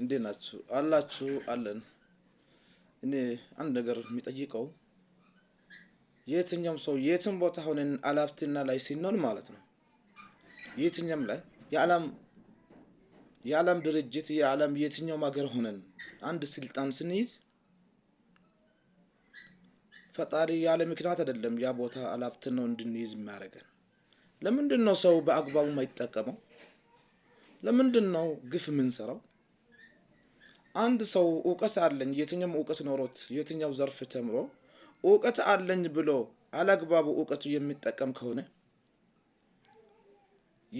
እንዴት ናችሁ አላችሁ አለን። እኔ አንድ ነገር የሚጠይቀው የትኛውም ሰው የትም ቦታ ሆነን አላፍትና ላይ ሲኖር ማለት ነው። የትኛም ላይ የዓለም የዓለም ድርጅት የዓለም የትኛውም ሀገር ሆነን አንድ ስልጣን ስንይዝ ፈጣሪ ያለ ምክንያት አይደለም ያ ቦታ አላፍት ነው እንድንይዝ የሚያደርገን። ለምንድን ነው ሰው በአግባቡ ማይጠቀመው? ለምንድን ነው ግፍ የምንሰራው? አንድ ሰው እውቀት አለኝ የትኛውም እውቀት ኖሮት የትኛው ዘርፍ ተምሮ እውቀት አለኝ ብሎ አላግባቡ እውቀቱ የሚጠቀም ከሆነ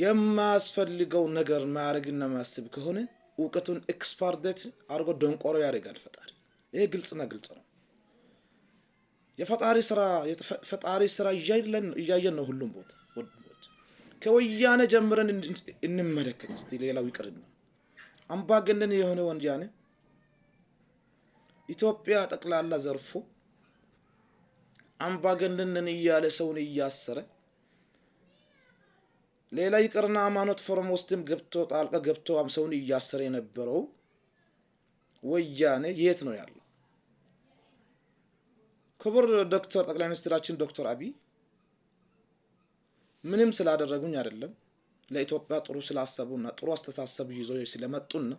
የማያስፈልገው ነገር ማድረግና ማስብ ከሆነ እውቀቱን ኤክስፓርደት አድርጎ ደንቆሮ ያደርጋል ፈጣሪ። ይሄ ግልጽና ግልጽ ነው። የፈጣሪ ስራ የፈጣሪ ስራ እያየን ነው ሁሉም ቦታ ከወያኔ ጀምረን እንመለከት እስቲ ሌላው ይቅርና አምባገነን የሆነ ወንጃኔ ኢትዮጵያ ጠቅላላ ዘርፎ አምባገነንን እያለ ሰውን እያሰረ ሌላ ይቅርና ሃይማኖት ፎረም ውስጥም ገብቶ ጣልቃ ገብቶ ሰውን እያሰረ የነበረው ወያኔ የት ነው ያለው? ክቡር ዶክተር ጠቅላይ ሚኒስትራችን ዶክተር አብይ ምንም ስላደረጉኝ አይደለም ለኢትዮጵያ ጥሩ ስላሰቡና ጥሩ አስተሳሰብ ይዞ ስለመጡና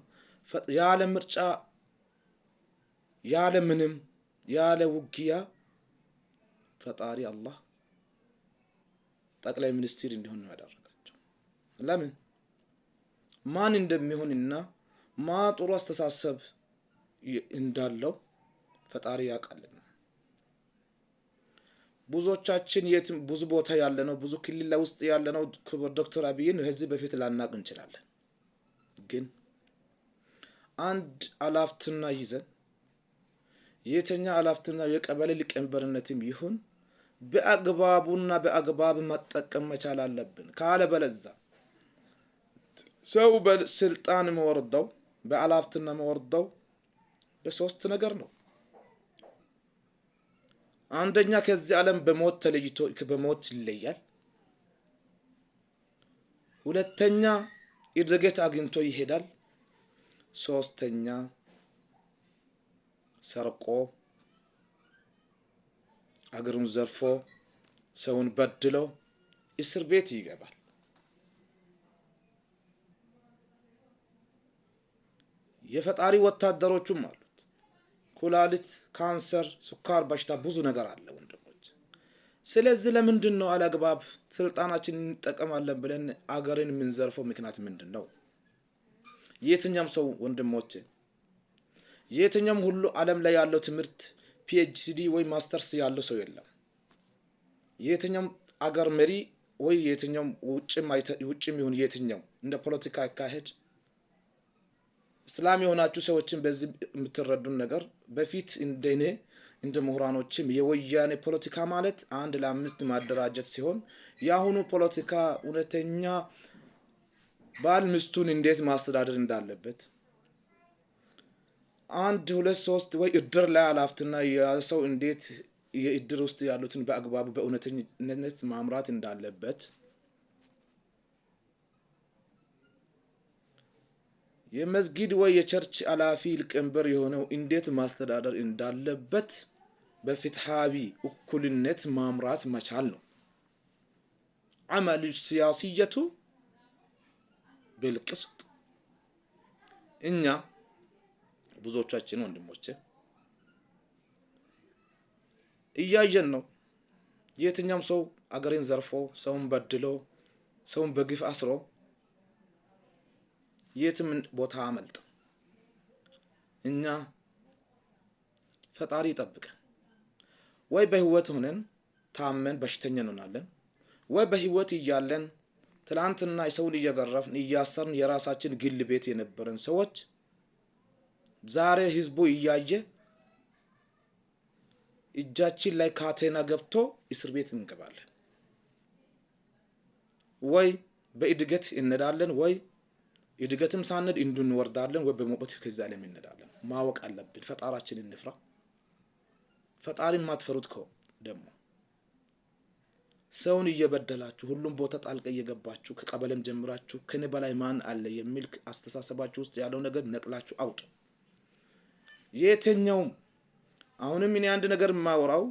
ያለ ምርጫ ያለ ምንም ያለ ውጊያ ፈጣሪ አላህ ጠቅላይ ሚኒስትር እንዲሆን ነው ያደረጋቸው። ለምን ማን እንደሚሆንና ማ ጥሩ አስተሳሰብ እንዳለው ፈጣሪ ያውቃልና። ብዙዎቻችን የትም ብዙ ቦታ ያለ ነው ብዙ ክልል ውስጥ ያለ ነው። ክቡር ዶክተር አብይን ከዚህ በፊት ላናቅ እንችላለን፣ ግን አንድ አላፍትና ይዘን የተኛ አላፍትና የቀበሌ ሊቀመንበርነትም ይሁን በአግባቡና በአግባብ መጠቀም መቻል አለብን። ካለበለዛ ሰው በስልጣን መወርደው በአላፍትና መወርደው በሶስት ነገር ነው። አንደኛ ከዚህ ዓለም በሞት ተለይቶ በሞት ይለያል። ሁለተኛ እድገት አግኝቶ ይሄዳል። ሶስተኛ ሰርቆ አገሩን ዘርፎ ሰውን በድሎ እስር ቤት ይገባል። የፈጣሪ ወታደሮቹም አሉት። ኩላሊት፣ ካንሰር፣ ስኳር በሽታ ብዙ ነገር አለ ወንድሞች። ስለዚህ ለምንድን ነው አላግባብ ስልጣናችን እንጠቀማለን ብለን አገርን የምንዘርፈው? ምክንያት ምንድን ነው? የትኛም ሰው ወንድሞች የየትኛውም ሁሉ ዓለም ላይ ያለው ትምህርት ፒኤችዲ ወይ ማስተርስ ያለው ሰው የለም። የየትኛውም አገር መሪ ወይ የትኛውም ውጭም ይሁን የትኛው እንደ ፖለቲካ አካሄድ እስላም የሆናችሁ ሰዎችን በዚህ የምትረዱን ነገር በፊት እንደኔ እንደ ምሁራኖችም የወያኔ ፖለቲካ ማለት አንድ ለአምስት ማደራጀት ሲሆን የአሁኑ ፖለቲካ እውነተኛ ባል ሚስቱን እንዴት ማስተዳደር እንዳለበት አንድ ሁለት ሶስት ወይ እድር ላይ አላፍትና የያዘ ሰው እንዴት የእድር ውስጥ ያሉትን በአግባቡ በእውነተኝነት ማምራት እንዳለበት የመስጊድ ወይ የቸርች አላፊ ሊቀመንበር የሆነው እንዴት ማስተዳደር እንዳለበት በፍትሃዊ እኩልነት ማምራት መቻል ነው። አመል ሲያሲየቱ ብልቅስጥ እኛ ብዙዎቻችን ወንድሞች እያየን ነው። የትኛውም ሰው አገሬን ዘርፎ ሰውን በድሎ ሰውን በግፍ አስሮ የትም ቦታ አመልጥ። እኛ ፈጣሪ ይጠብቀን። ወይ በህይወት ሆነን ታመን በሽተኛ እንሆናለን፣ ወይ በህይወት እያለን ትላንትና ሰውን እየገረፍን እያሰርን የራሳችን ግል ቤት የነበረን ሰዎች ዛሬ ህዝቡ እያየ እጃችን ላይ ካቴና ገብቶ እስር ቤት እንገባለን ወይ በእድገት እንዳለን ወይ እድገትም ሳንድ እንድንወርዳለን ወይ በሞቀት ከዚያ ላይ እንዳለን ማወቅ አለብን። ፈጣራችን እንፍራ። ፈጣሪን ማትፈሩት ከው ደግሞ ሰውን እየበደላችሁ ሁሉም ቦታ ጣልቀ እየገባችሁ ከቀበለም ጀምራችሁ ከኔ በላይ ማን አለ የሚል አስተሳሰባችሁ ውስጥ ያለው ነገር ነቅላችሁ አውጡ። የትኛውም አሁንም እኔ አንድ ነገር የማወራው